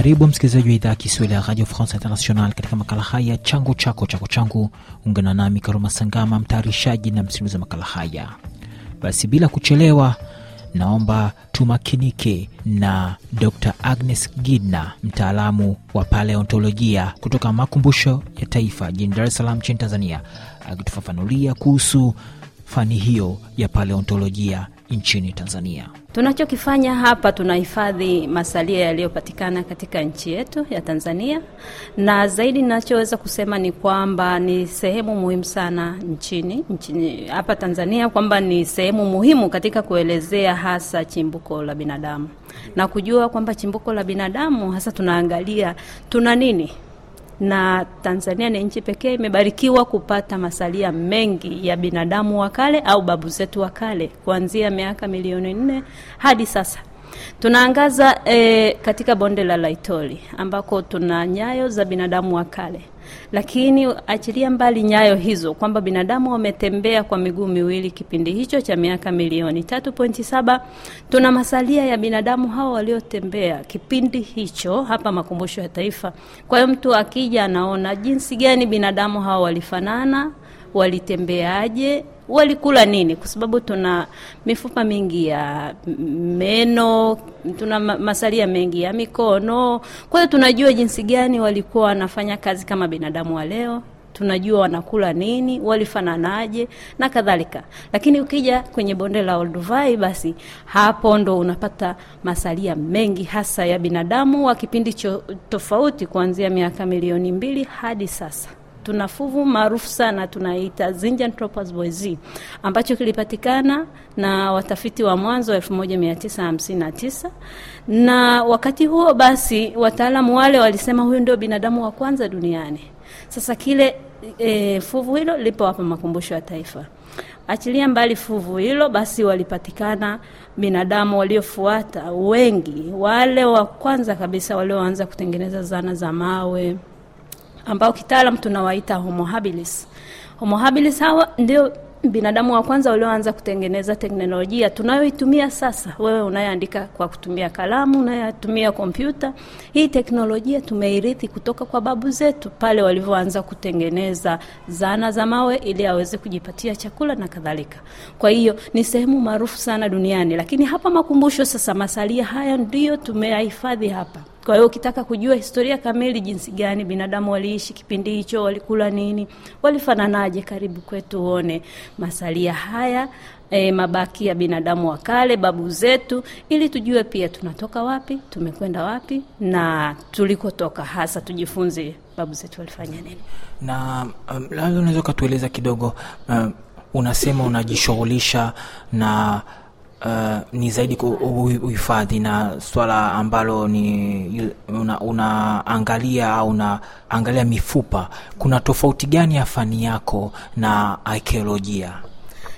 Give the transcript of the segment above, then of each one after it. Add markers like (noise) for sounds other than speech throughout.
Karibu msikilizaji wa idhaa ya Kiswahili ya Radio France International katika makala haya changu chako chako changu. Ungana nami Karuma Sangama, mtayarishaji na msimuzi wa makala haya. Basi bila kuchelewa, naomba tumakinike na Dr Agnes Gidna, mtaalamu wa paleontolojia kutoka makumbusho ya taifa jini dares salam nchini Tanzania, akitufafanulia kuhusu fani hiyo ya paleontolojia nchini Tanzania. Tunachokifanya hapa tunahifadhi masalia yaliyopatikana katika nchi yetu ya Tanzania, na zaidi ninachoweza kusema ni kwamba ni sehemu muhimu sana nchini nchini hapa Tanzania, kwamba ni sehemu muhimu katika kuelezea hasa chimbuko la binadamu na kujua kwamba chimbuko la binadamu hasa tunaangalia tuna nini na Tanzania ni nchi pekee imebarikiwa kupata masalia mengi ya binadamu wa kale au babu zetu wa kale kuanzia miaka milioni nne hadi sasa. Tunaangaza e, katika bonde la Laitoli ambako tuna nyayo za binadamu wa kale lakini achilia mbali nyayo hizo kwamba binadamu wametembea kwa miguu miwili kipindi hicho cha miaka milioni 3.7, tuna masalia ya binadamu hao waliotembea kipindi hicho hapa makumbusho ya Taifa. Kwa hiyo mtu akija anaona jinsi gani binadamu hao walifanana, walitembeaje walikula nini, kwa sababu tuna mifupa mingi ya meno, tuna masalia mengi ya mikono. Kwa hiyo tunajua jinsi gani walikuwa wanafanya kazi kama binadamu wa leo tunajua wanakula nini, walifananaje na kadhalika. Lakini ukija kwenye bonde la Olduvai, basi hapo ndo unapata masalia mengi hasa ya binadamu wa kipindi tofauti, kuanzia miaka milioni mbili hadi sasa tuna fuvu maarufu sana tunaita Zinjan Tropaz Boezi ambacho kilipatikana na watafiti wa mwanzo 1959 na wakati huo basi wataalamu wale walisema huyu ndio binadamu wa kwanza duniani. Sasa kile e, fuvu hilo lipo hapa makumbusho ya taifa. Achilia mbali fuvu hilo, basi walipatikana binadamu waliofuata wengi, wale wa kwanza kabisa walioanza kutengeneza zana za mawe ambao kitaalam tunawaita Homo habilis. Homo habilis hawa ndio binadamu wa kwanza walioanza kutengeneza teknolojia tunayoitumia sasa. Wewe unayeandika kwa kutumia kalamu, unayotumia kompyuta, hii teknolojia tumeirithi kutoka kwa babu zetu pale walivyoanza kutengeneza zana za mawe ili aweze kujipatia chakula na kadhalika. Kwa hiyo ni sehemu maarufu sana duniani, lakini hapa makumbusho sasa, masalia haya ndiyo tumeyahifadhi hapa. Kwa hiyo ukitaka kujua historia kamili, jinsi gani binadamu waliishi kipindi hicho, walikula nini, walifananaje, karibu kwetu uone masalia haya E, mabaki ya binadamu wa kale, babu zetu, ili tujue pia tunatoka wapi, tumekwenda wapi na tulikotoka hasa, tujifunze babu zetu walifanya nini. Na um, labda unaweza ukatueleza kidogo um, unasema unajishughulisha na uh, ni zaidi uhifadhi na swala ambalo ni unaangalia una au unaangalia mifupa. Kuna tofauti gani ya fani yako na arkeolojia?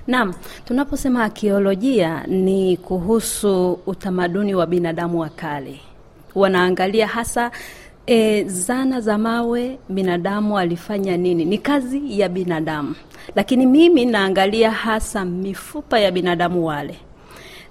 nam tunaposema akiolojia ni kuhusu utamaduni wa binadamu wa kale, wanaangalia hasa E, zana za mawe binadamu alifanya nini? Ni kazi ya binadamu, lakini mimi naangalia hasa mifupa ya binadamu wale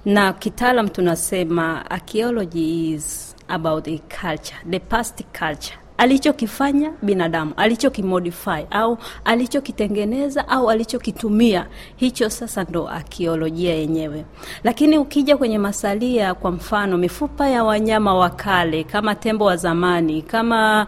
na kitaalam tunasema archaeology is about a culture, the past culture alichokifanya binadamu, alichokimodify au alichokitengeneza au alichokitumia, hicho sasa ndo akiolojia yenyewe. Lakini ukija kwenye masalia, kwa mfano mifupa ya wanyama wa kale kama tembo wa zamani, kama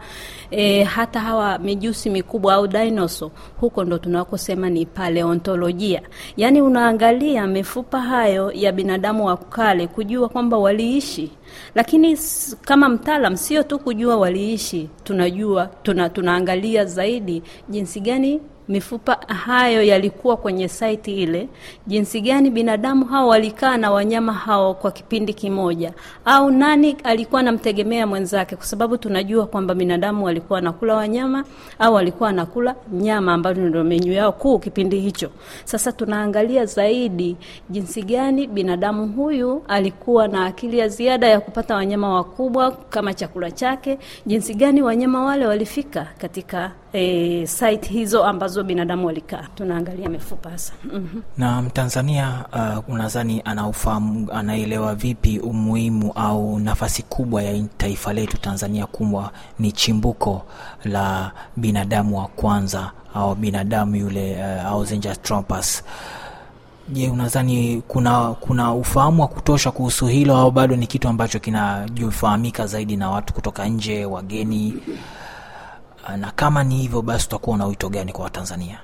e, hata hawa mijusi mikubwa au dinoso huko ndo tunakosema ni paleontolojia, yaani unaangalia mifupa hayo ya binadamu wa kale kujua kwamba waliishi lakini kama mtaalam, sio tu kujua waliishi, tunajua tuna, tunaangalia zaidi jinsi gani mifupa hayo yalikuwa kwenye saiti ile, jinsi gani binadamu hao walikaa na wanyama hao kwa kipindi kimoja, au nani alikuwa anamtegemea mwenzake, kwa sababu tunajua kwamba binadamu walikuwa anakula wanyama au walikuwa anakula nyama, ambayo ndio menyu yao kuu kipindi hicho. Sasa tunaangalia zaidi jinsi gani binadamu huyu alikuwa na akili ya ziada ya kupata wanyama wakubwa kama chakula chake, jinsi gani wanyama wale walifika katika e, site hizo ambazo binadamu walikaa. Tunaangalia mifupa hasa. mm-hmm. Na Mtanzania uh, unadhani anaufahamu, anaelewa vipi umuhimu au nafasi kubwa ya taifa letu Tanzania kumbwa ni chimbuko la binadamu wa kwanza au binadamu yule uh, Ausenja Je, unadhani kuna kuna ufahamu wa kutosha kuhusu hilo au bado ni kitu ambacho kinajufahamika zaidi na watu kutoka nje, wageni? Ah, na kama ni hivyo basi utakuwa na wito gani kwa Watanzania?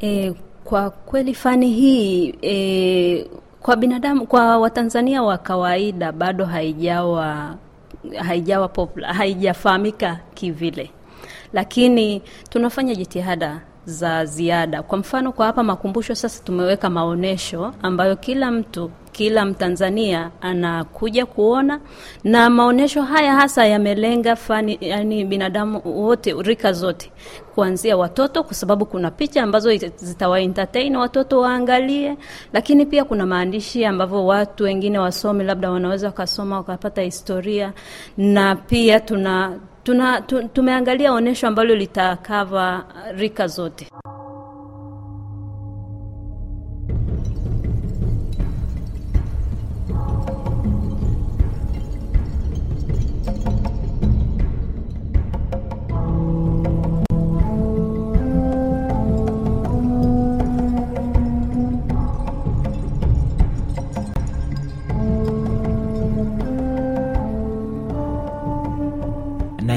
E, kwa kweli fani hii e, kwa binadamu kwa Watanzania wa kawaida bado haijawa haijawa haijafahamika kivile, lakini tunafanya jitihada za ziada. Kwa mfano, kwa hapa makumbusho sasa tumeweka maonyesho ambayo kila mtu kila Mtanzania anakuja kuona, na maonyesho haya hasa yamelenga fani, yani binadamu wote, rika zote, kuanzia watoto, kwa sababu kuna picha ambazo zitawaentertain watoto waangalie, lakini pia kuna maandishi ambavyo watu wengine wasomi, labda wanaweza wakasoma wakapata historia, na pia tuna tuna, tumeangalia onyesho ambalo litakava uh, rika zote.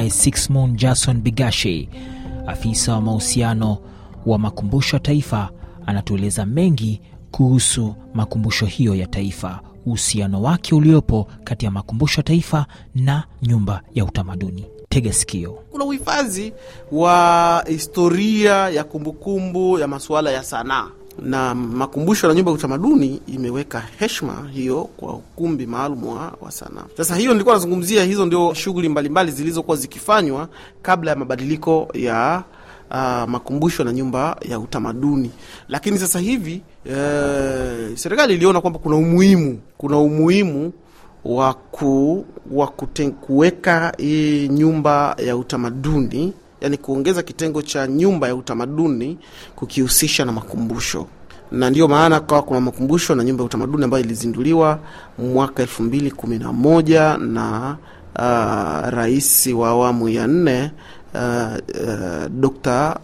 naye Sixmon Jason Bigashe, afisa wa mahusiano wa makumbusho ya taifa, anatueleza mengi kuhusu makumbusho hiyo ya taifa, uhusiano wake uliopo kati ya makumbusho ya taifa na nyumba ya utamaduni. tegeskio Kuna uhifadhi wa historia ya kumbukumbu ya masuala ya sanaa na makumbusho la nyumba ya utamaduni imeweka heshima hiyo kwa ukumbi maalum wa sanaa. Sasa hiyo nilikuwa nazungumzia, hizo ndio shughuli mbalimbali zilizokuwa zikifanywa kabla ya mabadiliko ya Uh, makumbusho na nyumba ya utamaduni. Lakini sasa hivi uh, serikali iliona kwamba kuna umuhimu kuna umuhimu wa kuweka hii nyumba ya utamaduni yani kuongeza kitengo cha nyumba ya utamaduni kukihusisha na makumbusho na ndiyo maana kawa kuna makumbusho na nyumba ya utamaduni ambayo ilizinduliwa mwaka elfu mbili kumi na moja na uh, rais wa awamu ya nne uh, ah, uh, eh, Dkt.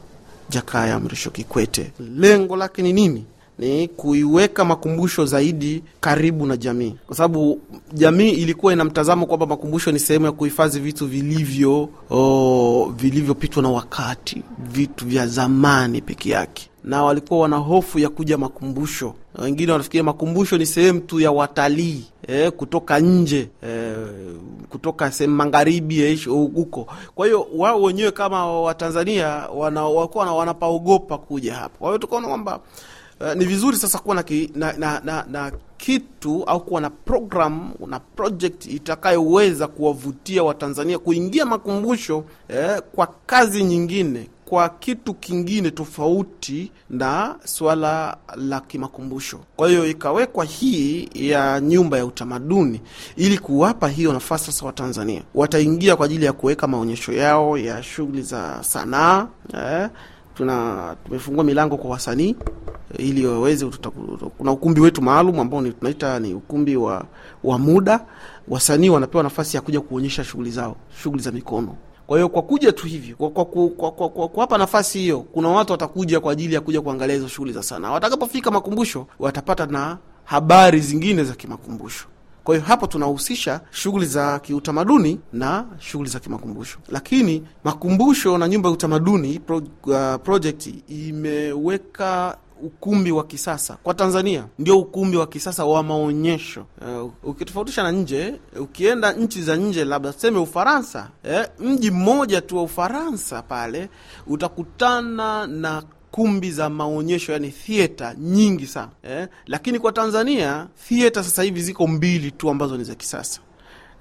Jakaya Mrisho Kikwete. Lengo lake ni nini? ni kuiweka makumbusho zaidi karibu na jamii, kwa sababu jamii ilikuwa ina mtazamo kwamba makumbusho ni sehemu ya kuhifadhi vitu vilivyo oh, vilivyopitwa na wakati, vitu vya zamani peke yake, na walikuwa wana hofu ya kuja makumbusho. Wengine wanafikiria makumbusho ni sehemu tu ya watalii eh, kutoka nje eh, kutoka sehemu magharibi huko. Kwa hiyo wao wenyewe kama Watanzania wana, wanapaogopa kuja hapo. Kwa hiyo tukaona kwamba Eh, ni vizuri sasa kuwa na, ki, na, na, na, na kitu au kuwa na program na project itakayoweza kuwavutia Watanzania kuingia makumbusho eh, kwa kazi nyingine kwa kitu kingine tofauti na swala la kimakumbusho. Kwa hiyo ikawekwa hii ya nyumba ya utamaduni ili kuwapa hiyo nafasi sasa. Watanzania wataingia kwa ajili ya kuweka maonyesho yao ya shughuli za sanaa eh, tuna tumefungua milango kwa wasanii eh, ili waweze. Kuna ukumbi wetu maalum ambao ni tunaita ni ukumbi wa, wa muda. Wasanii wanapewa nafasi ya kuja kuonyesha shughuli zao, shughuli za mikono. Kwa hiyo kwa kuja tu hivyo kwa, kwa, kwa, kwa, kwa, kwa kuwapa nafasi hiyo, kuna watu watakuja kwa ajili ya kuja kuangalia hizo shughuli za sanaa. Watakapofika makumbusho watapata na habari zingine za kimakumbusho. Kwa hiyo hapo tunahusisha shughuli za kiutamaduni na shughuli za kimakumbusho, lakini makumbusho na nyumba ya utamaduni pro, uh, project imeweka ukumbi wa kisasa kwa Tanzania ndio ukumbi wa kisasa wa maonyesho. Uh, ukitofautisha na nje, ukienda nchi za nje, labda tuseme Ufaransa eh, mji mmoja tu wa Ufaransa pale utakutana na kumbi za maonyesho yani thieta nyingi sana eh? Lakini kwa Tanzania thieta sasa hivi ziko mbili tu ambazo ni za kisasa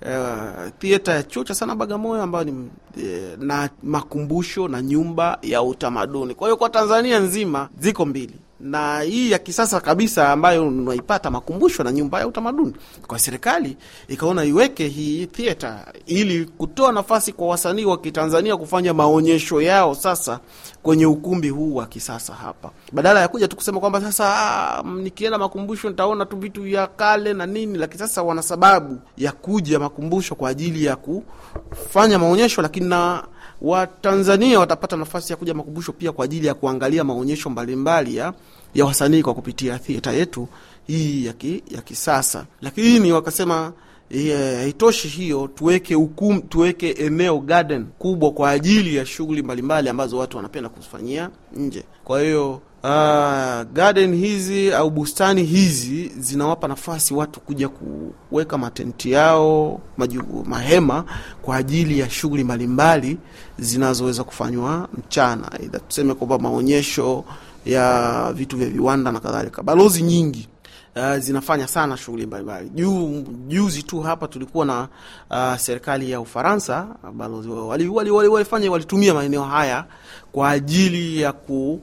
Uh, eh, thieta ya chuo cha sana Bagamoyo ambayo ni uh, na makumbusho na nyumba ya utamaduni. Kwa hiyo kwa Tanzania nzima ziko mbili, na hii ya kisasa kabisa ambayo unaipata makumbusho na nyumba ya utamaduni. Kwa serikali ikaona iweke hii theater ili kutoa nafasi kwa wasanii wa Kitanzania kufanya maonyesho yao sasa kwenye ukumbi huu wa kisasa hapa, badala ya kuja tu kusema kwamba sasa ah, nikienda makumbusho nitaona tu vitu vya kale na nini. Lakini sasa wana sababu ya kuja makumbusho kwa ajili ya kufanya maonyesho, lakini na Watanzania watapata nafasi ya kuja makumbusho pia kwa ajili ya kuangalia maonyesho mbalimbali ya, ya wasanii kwa kupitia thieta yetu hii ya, ki, ya kisasa. Lakini wakasema eh, haitoshi yeah, hiyo tuweke ukum, tuweke eneo garden kubwa kwa ajili ya shughuli mbalimbali ambazo watu wanapenda kufanyia nje. Kwa hiyo uh, garden hizi au bustani hizi zinawapa nafasi watu kuja kuweka matenti yao maju, mahema kwa ajili ya shughuli mbalimbali zinazoweza kufanywa mchana, aidha tuseme kwamba maonyesho ya vitu vya viwanda na kadhalika. Balozi nyingi Uh, zinafanya sana shughuli mbalimbali. Juu juzi tu hapa tulikuwa na uh, serikali ya Ufaransa balozi walifanya wali, wali, wali walitumia maeneo haya kwa ajili ya ku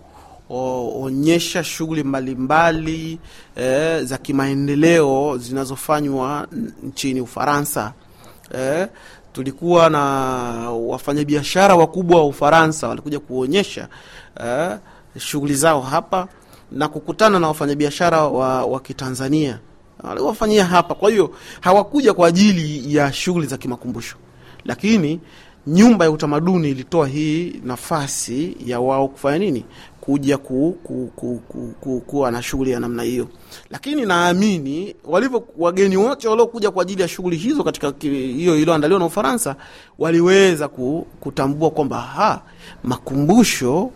onyesha shughuli mbalimbali eh, za kimaendeleo zinazofanywa nchini Ufaransa eh, tulikuwa na wafanyabiashara wakubwa wa Ufaransa walikuja kuonyesha eh, shughuli zao hapa na kukutana na wafanyabiashara wa, wa Kitanzania waliwafanyia hapa. Kwa hiyo hawakuja kwa ajili ya shughuli za kimakumbusho, lakini nyumba ya utamaduni ilitoa hii nafasi ya wao kufanya nini, kuja ku, ku, ku, ku, ku, kuwa na shughuli ya namna hiyo, lakini naamini walivyo wageni wote waliokuja kwa ajili ya shughuli hizo katika hiyo iliyoandaliwa na Ufaransa waliweza ku, kutambua kwamba ha makumbusho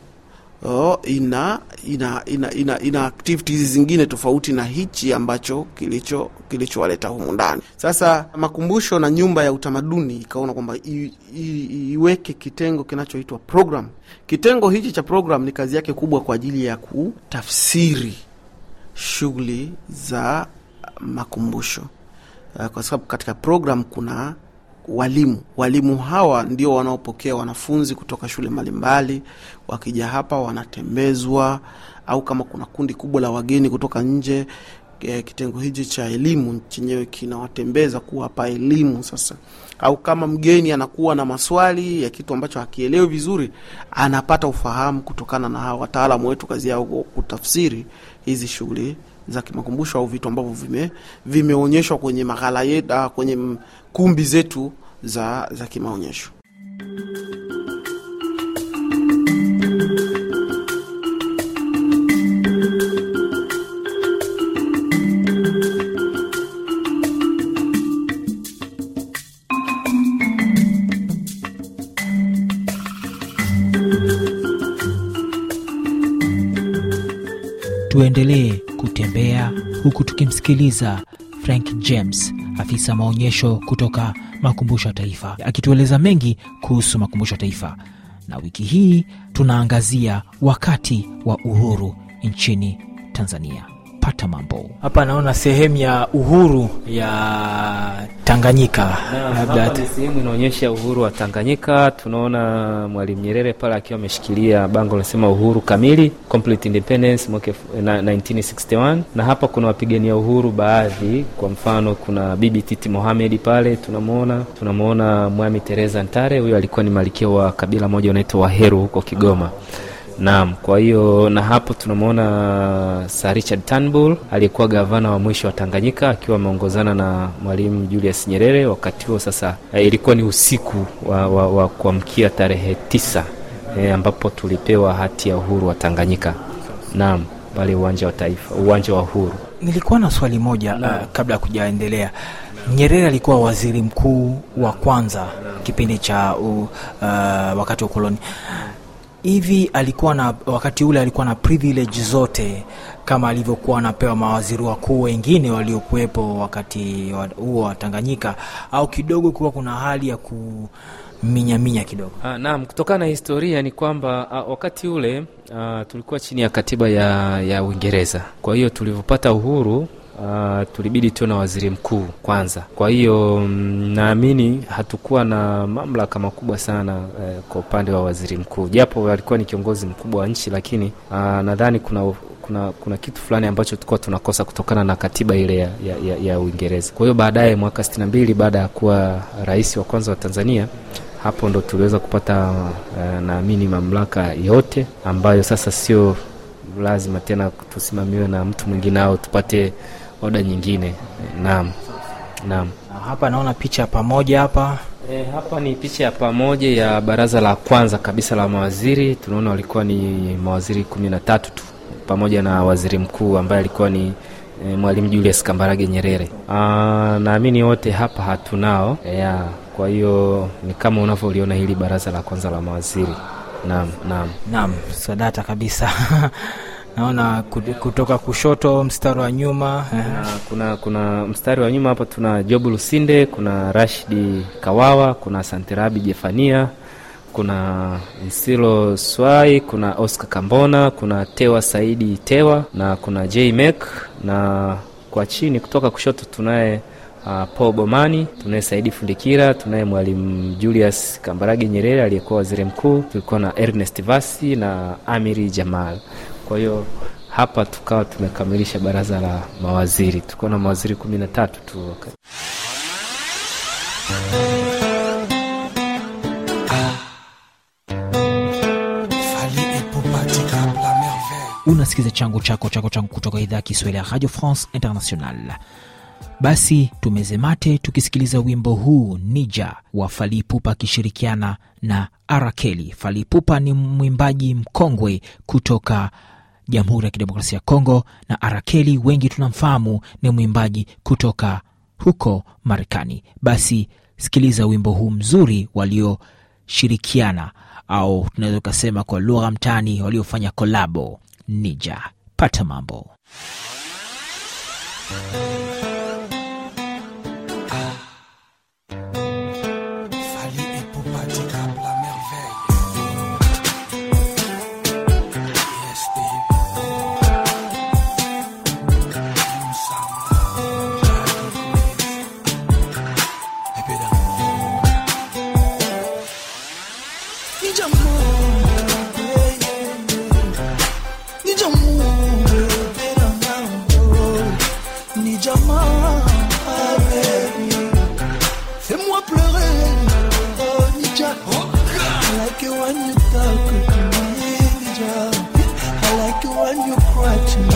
oh, ina, ina, ina, ina, ina activities zingine tofauti na hichi ambacho kilicho kilichowaleta humu ndani. Sasa makumbusho na nyumba ya utamaduni ikaona kwamba iweke kitengo kinachoitwa program. Kitengo hichi cha program ni kazi yake kubwa kwa ajili ya kutafsiri shughuli za makumbusho, eh, kwa sababu katika program kuna walimu. Walimu hawa ndio wanaopokea wanafunzi kutoka shule mbalimbali, wakija hapa wanatembezwa, au kama kuna kundi kubwa la wageni kutoka nje eh, kitengo hichi cha elimu chenyewe kinawatembeza kuwapa elimu sasa. Au kama mgeni anakuwa na maswali ya kitu ambacho hakielewi vizuri, anapata ufahamu kutokana na hawa wataalamu wetu, kazi yao kutafsiri hizi shughuli za kimakumbusho au vitu ambavyo vime vimeonyeshwa kwenye maghala yetu, ah, kwenye kumbi zetu za, za kimaonyesho. Tuendelee kutembea huku tukimsikiliza Frank James afisa maonyesho kutoka Makumbusho ya Taifa, akitueleza mengi kuhusu Makumbusho ya Taifa. Na wiki hii tunaangazia wakati wa uhuru nchini Tanzania kupata mambo. Hapa naona sehemu ya uhuru ya Tanganyika, labda sehemu inaonyesha uhuru wa Tanganyika. Tunaona Mwalimu Nyerere pale akiwa ameshikilia bango linasema uhuru kamili, complete independence mwaka 1961, na hapa kuna wapigania uhuru baadhi, kwa mfano kuna Bibi Titi Mohamed pale tunamwona, tunamwona Mwami Teresa Ntare, huyo alikuwa ni malikia wa kabila moja unaitwa Waheru huko Kigoma. Aha. Naam, kwa hiyo na hapo tunamwona Sir Richard Turnbull aliyekuwa gavana wa mwisho wa Tanganyika akiwa ameongozana na Mwalimu Julius Nyerere. Wakati huo sasa eh, ilikuwa ni usiku wa, wa, wa kuamkia tarehe tisa e, ambapo tulipewa hati ya uhuru wa Tanganyika. Naam, pale uwanja wa Taifa, uwanja wa Uhuru. Nilikuwa na swali moja na, uh, eh, kabla ya kujaendelea Nyerere alikuwa waziri mkuu wa kwanza kipindi cha uh, wakati wa ukoloni hivi alikuwa na wakati ule alikuwa na privilege zote kama alivyokuwa anapewa mawaziri wakuu wengine waliokuwepo wakati huo wa Tanganyika, au kidogo kuwa kuna hali ya kuminyaminya kidogo? Ah, naam, kutokana na historia ni kwamba a, ah, wakati ule a, ah, tulikuwa chini ya katiba ya, ya Uingereza. Kwa hiyo tulivyopata uhuru Uh, tulibidi tuwe na waziri mkuu kwanza. Kwa hiyo mm, naamini hatukuwa na mamlaka makubwa sana uh, kwa upande wa waziri mkuu, japo alikuwa ni kiongozi mkubwa wa nchi, lakini uh, nadhani kuna kuna kuna kitu fulani ambacho tulikuwa tunakosa kutokana na katiba ile ya, ya, ya Uingereza. Kwa hiyo baadaye mwaka 62 baada ya kuwa rais wa kwanza wa Tanzania hapo ndo tuliweza kupata uh, naamini mamlaka yote ambayo sasa sio lazima tena tusimamiwe na mtu mwingine au tupate oda nyingine. Naam, naam. Hapa naona picha ya pamoja hapa. E, hapa ni picha ya pamoja ya baraza la kwanza kabisa la mawaziri. Tunaona walikuwa ni mawaziri kumi na tatu tu pamoja na waziri mkuu ambaye alikuwa ni e, Mwalimu Julius Kambarage Nyerere. Ah, naamini wote hapa hatunao e, kwa hiyo ni kama unavyoliona hili baraza la kwanza la mawaziri. Naam, naam, naam, sadata kabisa (laughs) naona kutoka kushoto mstari wa nyuma eh. kuna, kuna, kuna mstari wa nyuma hapa tuna Job Lusinde, kuna Rashidi Kawawa, kuna Santirabi Jefania, kuna Nsilo Swai, kuna Oscar Kambona, kuna Tewa Saidi Tewa na kuna J Mek, na kwa chini kutoka kushoto tunaye Uh, Paul Bomani, tunaye Saidi Fundikira, tunaye Mwalimu Julius Kambarage Nyerere aliyekuwa waziri mkuu, tulikuwa na Ernest Vasi na Amiri Jamal. Kwa hiyo hapa tukawa tumekamilisha baraza la mawaziri, tulikuwa na mawaziri kumi na tatu tu Unasikiza changu chako chako changu kutoka idhaa ya Kiswahili ya Radio France International. Basi tumezemate tukisikiliza wimbo huu Nija wa Falipupa akishirikiana na Arakeli. Falipupa ni mwimbaji mkongwe kutoka Jamhuri ya Kidemokrasia ya Kongo, na Arakeli wengi tunamfahamu ni mwimbaji kutoka huko Marekani. Basi sikiliza wimbo huu mzuri walioshirikiana au tunaweza ukasema kwa lugha mtaani waliofanya kolabo, Nija. Pata mambo like it when you talk, to me be I like it when you cry to me.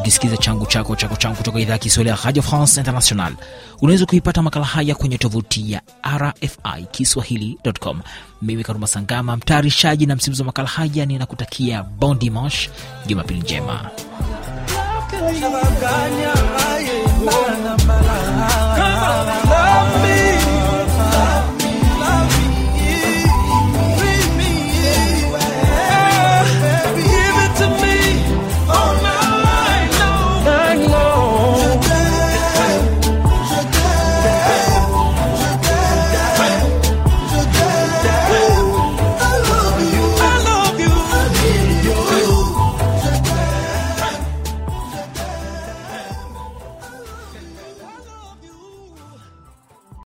ukisikiliza changu chako chako changu kutoka idhaa ya Kiswahili ya Radio France International. Unaweza kuipata makala haya kwenye tovuti ya RFI Kiswahili.com. Mimi Karuma Sangama, mtayarishaji na msimuzi wa makala haya, ninakutakia bon dimanche, jumapili njema.